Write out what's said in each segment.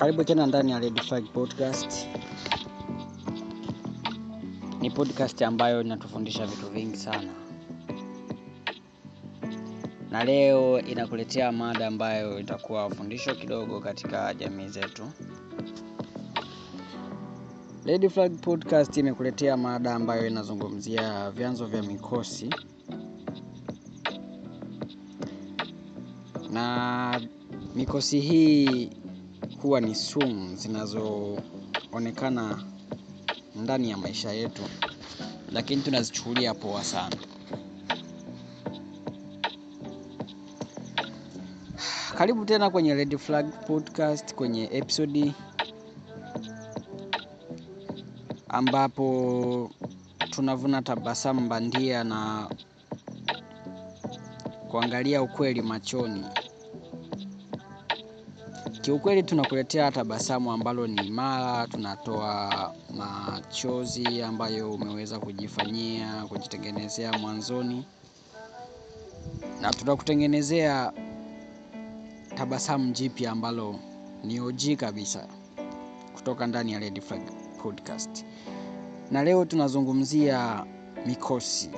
Karibu tena ndani ya Red Flag Podcast. Ni podcast ambayo inatufundisha vitu vingi sana, na leo inakuletea mada ambayo itakuwa fundisho kidogo katika jamii zetu. Red Flag Podcast imekuletea mada ambayo inazungumzia vyanzo vya mikosi na mikosi hii kuwa ni sumu zinazoonekana ndani ya maisha yetu, lakini tunazichukulia poa sana. Karibu tena kwenye Red Flag Podcast, kwenye episode ambapo tunavuna tabasamu bandia na kuangalia ukweli machoni Kiukweli tunakuletea tabasamu ambalo ni imara, tunatoa machozi ambayo umeweza kujifanyia, kujitengenezea mwanzoni, na tunakutengenezea tabasamu jipya ambalo ni OG kabisa kutoka ndani ya Red Flag Podcast. Na leo tunazungumzia mikosi.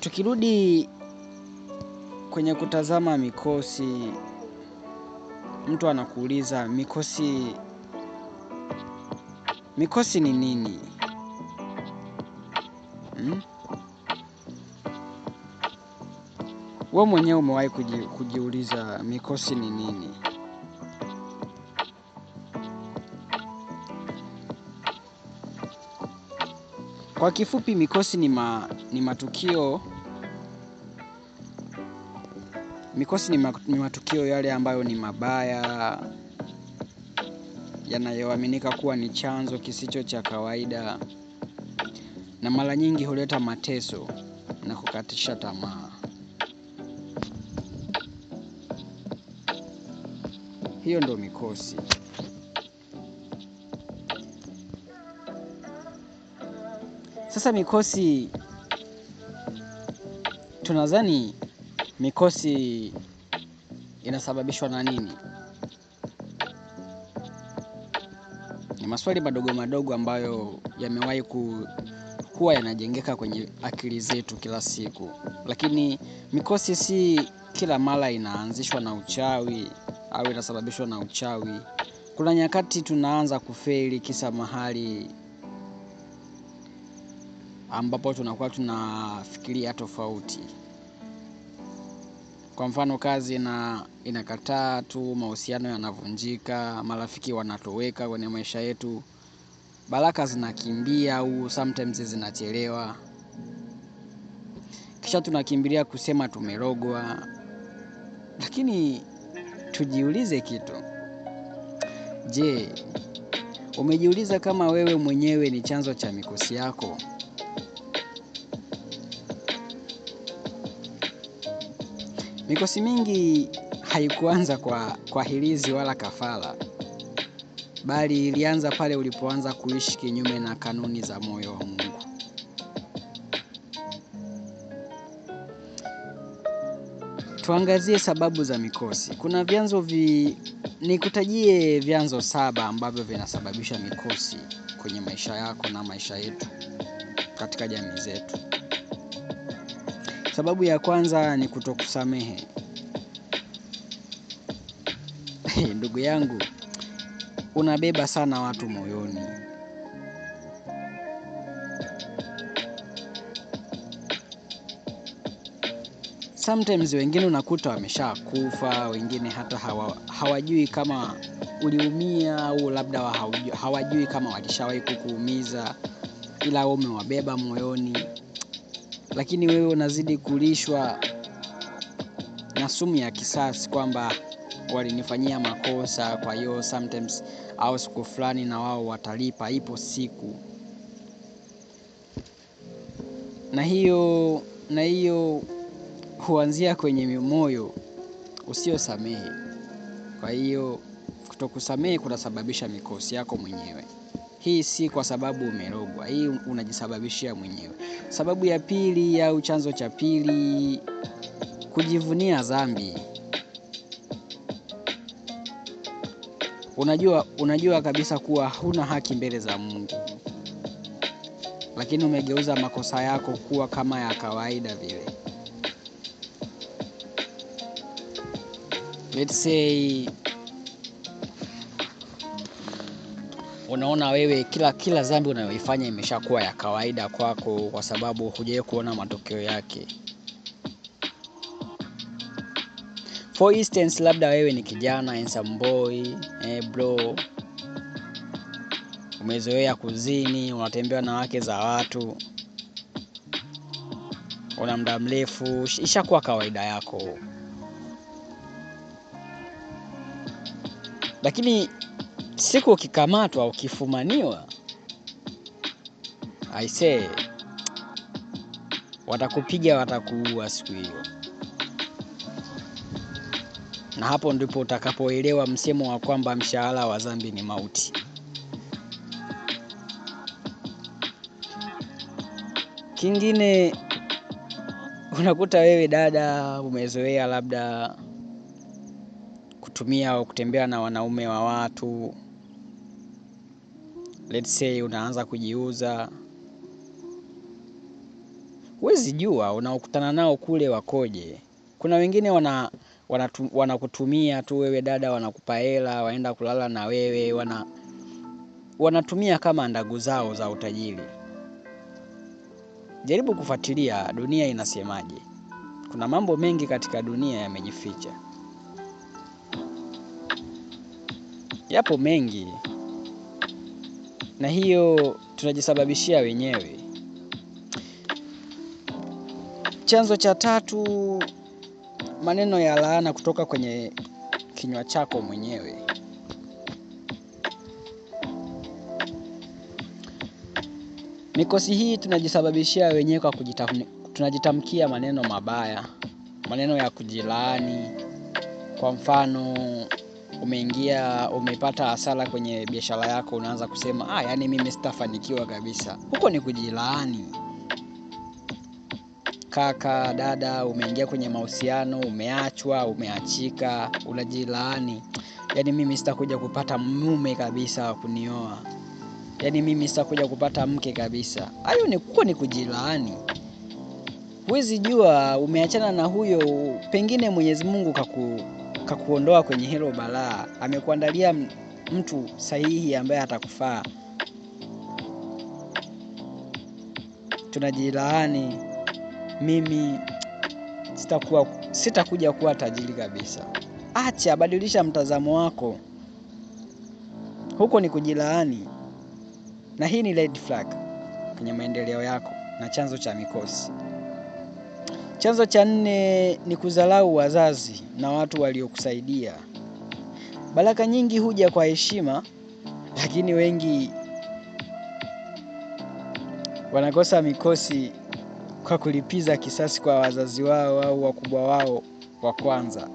Tukirudi Kwenye kutazama mikosi, mtu anakuuliza mikosi, mikosi ni nini? Hmm? We mwenyewe umewahi kuji, kujiuliza mikosi ni nini? Kwa kifupi mikosi ni, ma, ni matukio Mikosi ni matukio yale ambayo ni mabaya, yanayoaminika kuwa ni chanzo kisicho cha kawaida na mara nyingi huleta mateso na kukatisha tamaa. Hiyo ndo mikosi. Sasa mikosi tunadhani Mikosi inasababishwa na nini? Ni maswali madogo madogo ambayo yamewahi ku kuwa yanajengeka kwenye akili zetu kila siku, lakini mikosi si kila mara inaanzishwa na uchawi au inasababishwa na uchawi. Kuna nyakati tunaanza kufeli kisa mahali ambapo tunakuwa tunafikiria tofauti. Kwa mfano kazi ina, inakataa tu, mahusiano yanavunjika, marafiki wanatoweka kwenye maisha yetu, baraka zinakimbia au sometimes zinachelewa, kisha tunakimbilia kusema tumerogwa. Lakini tujiulize kitu. Je, umejiuliza kama wewe mwenyewe ni chanzo cha mikosi yako? Mikosi mingi haikuanza kwa, kwa hirizi wala kafara, bali ilianza pale ulipoanza kuishi kinyume na kanuni za moyo wa Mungu. Tuangazie sababu za mikosi. Kuna vyanzo vi... Nikutajie vyanzo saba ambavyo vinasababisha mikosi kwenye maisha yako na maisha yetu katika jamii zetu. Sababu ya kwanza ni kutokusamehe. Ndugu yangu, unabeba sana watu moyoni. Sometimes wengine unakuta wameshakufa, wengine hata hawa, hawajui kama uliumia au labda hawajui kama walishawahi kukuumiza, ila wewe umewabeba moyoni lakini wewe unazidi kulishwa na sumu ya kisasi kwamba walinifanyia makosa, kwa hiyo sometimes au siku fulani na wao watalipa, ipo siku. Na hiyo na hiyo huanzia kwenye moyo usiosamehe. Kwa hiyo kutokusamehe kunasababisha mikosi yako mwenyewe. Hii si kwa sababu umerogwa, hii unajisababishia mwenyewe. Sababu ya pili au chanzo cha pili, kujivunia dhambi. Unajua, unajua kabisa kuwa huna haki mbele za Mungu, lakini umegeuza makosa yako kuwa kama ya kawaida vile. Let's say unaona wewe kila kila dhambi unayoifanya imeshakuwa ya kawaida kwako kwa sababu hujawahi kuona matokeo yake. For instance, labda wewe ni kijana handsome boy, eh bro, umezoea kuzini, unatembea na wake za watu, una muda mrefu, ishakuwa kawaida yako, lakini siku ukikamatwa ukifumaniwa, aisee, watakupiga watakuua siku hiyo, na hapo ndipo utakapoelewa msemo wa kwamba mshahara wa zambi ni mauti. Kingine unakuta wewe dada umezoea labda kutumia au kutembea na wanaume wa watu let's say unaanza kujiuza, huwezi jua unaokutana nao kule wakoje. Kuna wengine wana wanakutumia wana tu wewe dada, wanakupa hela, waenda kulala na wewe, wana wanatumia kama ndagu zao za utajiri. Jaribu kufuatilia dunia inasemaje. Kuna mambo mengi katika dunia yamejificha, yapo mengi na hiyo tunajisababishia wenyewe. Chanzo cha tatu, maneno ya laana kutoka kwenye kinywa chako mwenyewe. Mikosi hii tunajisababishia wenyewe kwa tunajitamkia maneno mabaya, maneno ya kujilaani. Kwa mfano umeingia umepata hasara kwenye biashara yako, unaanza kusema ah, yani mimi sitafanikiwa kabisa. Huko ni kujilaani. Kaka dada, umeingia kwenye mahusiano, umeachwa, umeachika, unajilaani, yani mimi sitakuja kupata mume kabisa wa kunioa, yani mimi sitakuja kupata mke kabisa. Hayo ni kuko ni kujilaani. Huwezi jua umeachana na huyo, pengine Mwenyezi Mungu kaku kakuondoa kwenye hilo balaa, amekuandalia mtu sahihi ambaye atakufaa. Tunajilaani, mimi sitakuwa sitakuja kuwa tajiri kabisa. Acha, badilisha mtazamo wako, huko ni kujilaani, na hii ni red flag kwenye maendeleo yako na chanzo cha mikosi. Chanzo cha nne ni kudharau wazazi na watu waliokusaidia. Baraka nyingi huja kwa heshima, lakini wengi wanakosa mikosi kwa kulipiza kisasi kwa wazazi wao au wakubwa wao wa kwanza.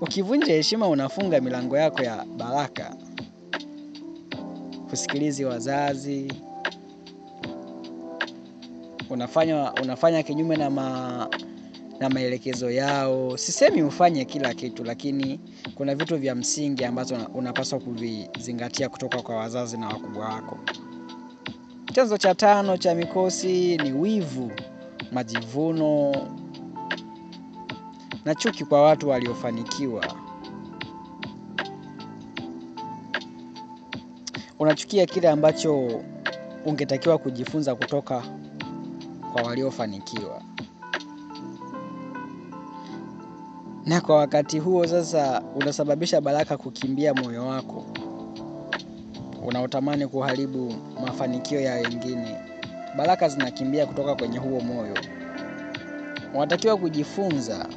Ukivunja heshima, unafunga milango yako ya baraka. usikilizi wazazi, unafanya, unafanya kinyume na, ma, na maelekezo yao. Sisemi ufanye kila kitu, lakini kuna vitu vya msingi ambazo unapaswa kuvizingatia kutoka kwa wazazi na wakubwa wako. Chanzo cha tano cha mikosi ni wivu, majivuno na chuki kwa watu waliofanikiwa. Unachukia kile ambacho ungetakiwa kujifunza kutoka kwa waliofanikiwa. Na kwa wakati huo sasa unasababisha baraka kukimbia moyo wako unaotamani kuharibu mafanikio ya wengine. Baraka zinakimbia kutoka kwenye huo moyo. Unatakiwa kujifunza.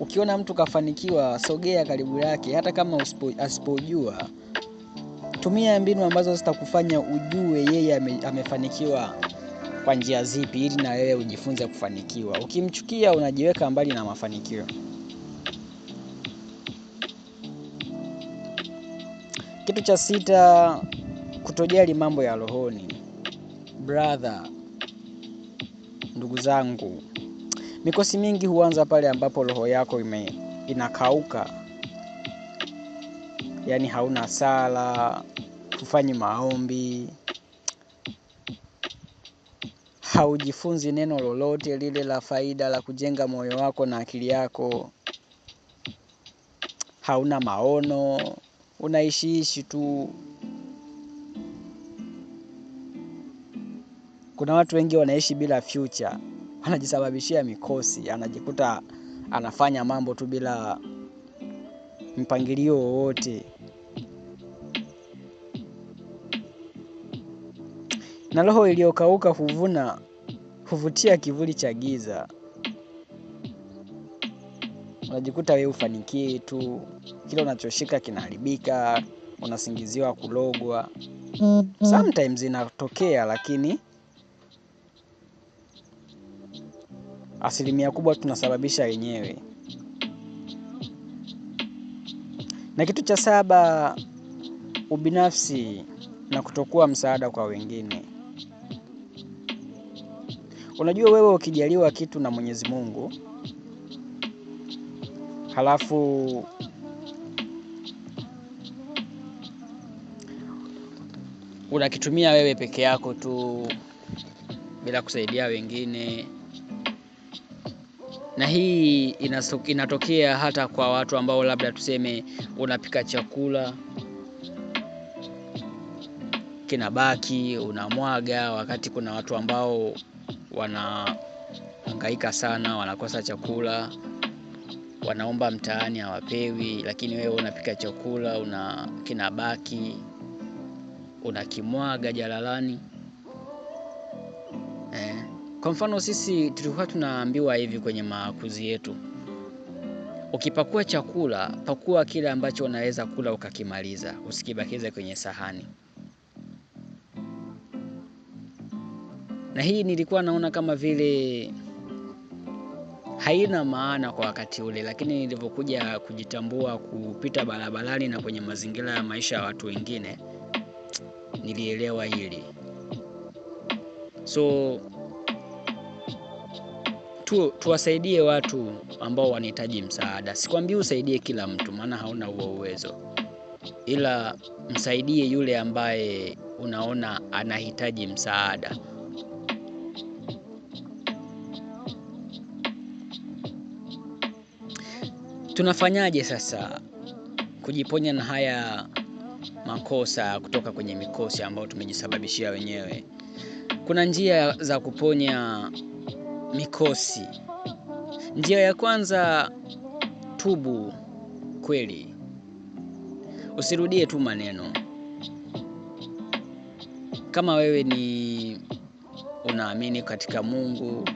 Ukiona mtu kafanikiwa, sogea karibu yake, hata kama asipojua. Tumia mbinu ambazo zitakufanya ujue yeye amefanikiwa kwa njia zipi, ili na wewe ujifunze kufanikiwa. Ukimchukia unajiweka mbali na mafanikio. Kitu cha sita, kutojali mambo ya rohoni. Brother, ndugu zangu, mikosi mingi huanza pale ambapo roho yako ime, inakauka, yaani hauna sala, hufanyi maombi haujifunzi neno lolote lile la faida la kujenga moyo wako na akili yako. Hauna maono, unaishiishi tu. Kuna watu wengi wanaishi bila future, anajisababishia mikosi, anajikuta anafanya mambo tu bila mpangilio wowote. Na roho iliyokauka huvuna huvutia kivuli cha giza. Unajikuta wewe ufanikii tu, kile unachoshika kinaharibika, unasingiziwa kulogwa. Sometimes inatokea, lakini asilimia kubwa tunasababisha wenyewe. Na kitu cha saba, ubinafsi na kutokuwa msaada kwa wengine. Unajua wewe ukijaliwa kitu na Mwenyezi Mungu halafu unakitumia wewe peke yako tu bila kusaidia wengine, na hii inatokea hata kwa watu ambao labda tuseme unapika chakula kinabaki unamwaga, wakati kuna watu ambao wanahangaika sana, wanakosa chakula, wanaomba mtaani hawapewi, lakini wewe unapika chakula una kinabaki unakimwaga jalalani eh. Kwa mfano sisi tulikuwa tunaambiwa hivi kwenye makuzi yetu, ukipakua chakula pakua kile ambacho unaweza kula ukakimaliza, usikibakize kwenye sahani. na hii nilikuwa naona kama vile haina maana kwa wakati ule, lakini nilivyokuja kujitambua kupita barabarani na kwenye mazingira ya maisha ya watu wengine nilielewa hili. So tu, tuwasaidie watu ambao wanahitaji msaada. Sikwambii usaidie kila mtu, maana hauna huo uwezo, ila msaidie yule ambaye unaona anahitaji msaada. tunafanyaje sasa kujiponya na haya makosa kutoka kwenye mikosi ambayo tumejisababishia wenyewe? Kuna njia za kuponya mikosi. Njia ya kwanza, tubu kweli, usirudie tu maneno. Kama wewe ni unaamini katika Mungu,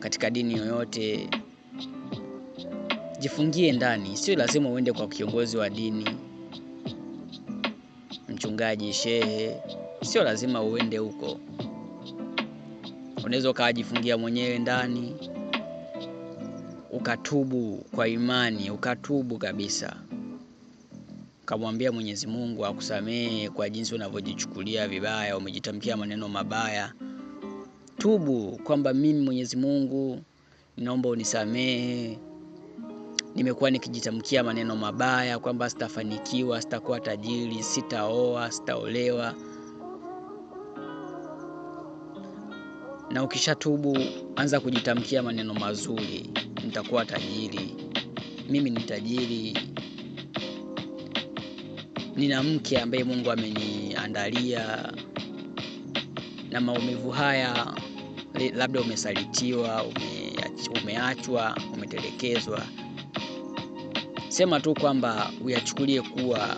katika dini yoyote, jifungie ndani, sio lazima uende kwa kiongozi wa dini, mchungaji, shehe, sio lazima uende huko. Unaweza ukajifungia mwenyewe ndani, ukatubu kwa imani, ukatubu kabisa, ukamwambia Mwenyezi Mungu akusamehe kwa jinsi unavyojichukulia vibaya, umejitamkia maneno mabaya. Tubu kwamba mimi Mwenyezi Mungu, naomba unisamehe nimekuwa nikijitamkia maneno mabaya kwamba sitafanikiwa, sitakuwa tajiri, sitaoa, sitaolewa. Na ukishatubu anza kujitamkia maneno mazuri, nitakuwa tajiri, mimi ni tajiri, nina mke ambaye Mungu ameniandalia. Na maumivu haya, labda umesalitiwa, umeachwa, umetelekezwa sema tu kwamba uyachukulie kuwa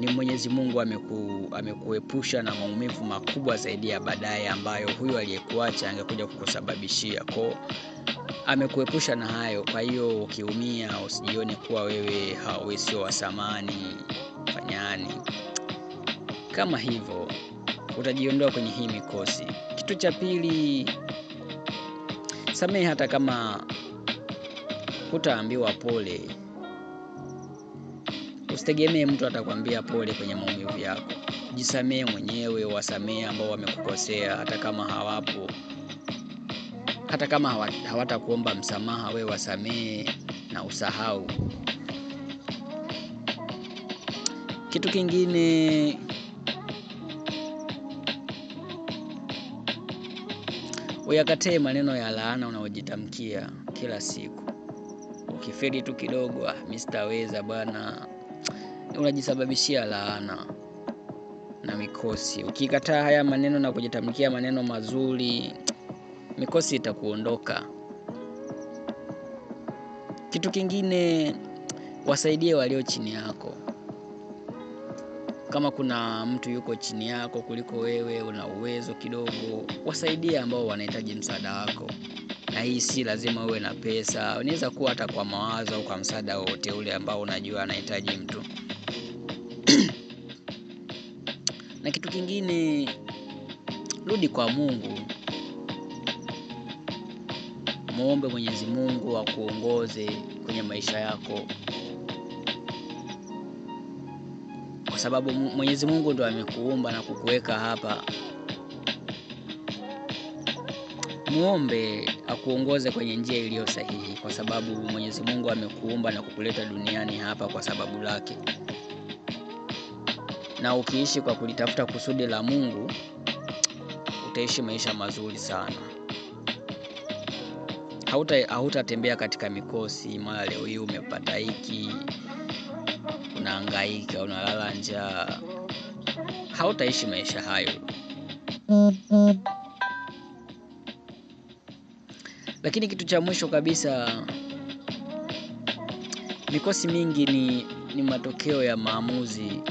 ni Mwenyezi Mungu ameku, amekuepusha na maumivu makubwa zaidi ya baadaye ambayo huyo aliyekuacha angekuja kukusababishia ko amekuepusha na hayo. Kwa hiyo ukiumia, usijione kuwa wewe hawe sio wa samani fanyani kama hivyo, utajiondoa kwenye hii mikosi. Kitu cha pili, samehe hata kama hutaambiwa pole usitegemee mtu atakwambia pole kwenye maumivu yako. Jisamee mwenyewe, wasamee ambao wamekukosea, hata kama hawapo, hata kama hawatakuomba msamaha, we wasamee na usahau. Kitu kingine uyakatee maneno ya laana unaojitamkia kila siku. Ukifeli tu kidogo, ah, sitaweza bwana, unajisababishia laana na mikosi. Ukikataa haya maneno na kujitamkia maneno mazuri, mikosi itakuondoka. Kitu kingine, wasaidie walio chini yako. Kama kuna mtu yuko chini yako kuliko wewe, una uwezo kidogo, wasaidie ambao wanahitaji msaada wako, na hii si lazima uwe na pesa. Unaweza kuwa hata kwa mawazo au kwa msaada wote ule ambao unajua anahitaji mtu. Na kitu kingine, rudi kwa Mungu, muombe Mwenyezi Mungu akuongoze kwenye maisha yako, kwa sababu Mwenyezi Mungu ndo amekuumba na kukuweka hapa. Muombe akuongoze kwenye njia iliyo sahihi, kwa sababu Mwenyezi Mungu amekuumba na kukuleta duniani hapa kwa sababu lake na ukiishi kwa kulitafuta kusudi la Mungu utaishi maisha mazuri sana. Hauta hautatembea katika mikosi, mara leo hii umepata hiki, unahangaika, unalala njaa. Hautaishi maisha hayo. Lakini kitu cha mwisho kabisa, mikosi mingi ni, ni matokeo ya maamuzi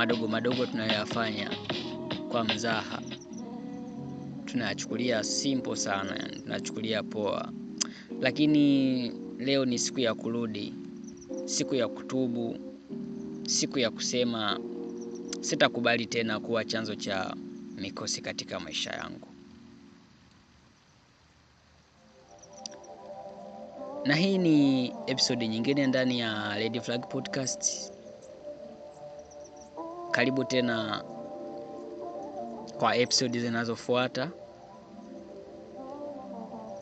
madogo madogo tunayoyafanya kwa mzaha tunayachukulia simple sana, tunachukulia poa, lakini leo ni siku ya kurudi, siku ya kutubu, siku ya kusema sitakubali tena kuwa chanzo cha mikosi katika maisha yangu. Na hii ni episode nyingine ndani ya lady Flag Podcast. Karibu tena kwa episodi zinazofuata,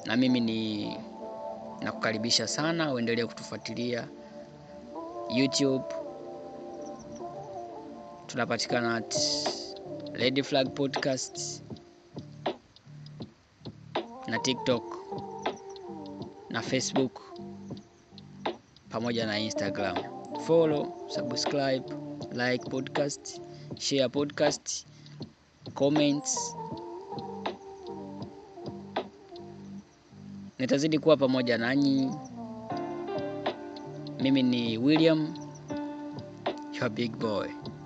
na mimi ni nakukaribisha sana uendelee kutufuatilia YouTube. Tunapatikana at lady Flag Podcast na TikTok na Facebook pamoja na Instagram. Follow, subscribe like podcast, share podcast, comments. Nitazidi kuwa pamoja nanyi. Mimi ni William, your big boy.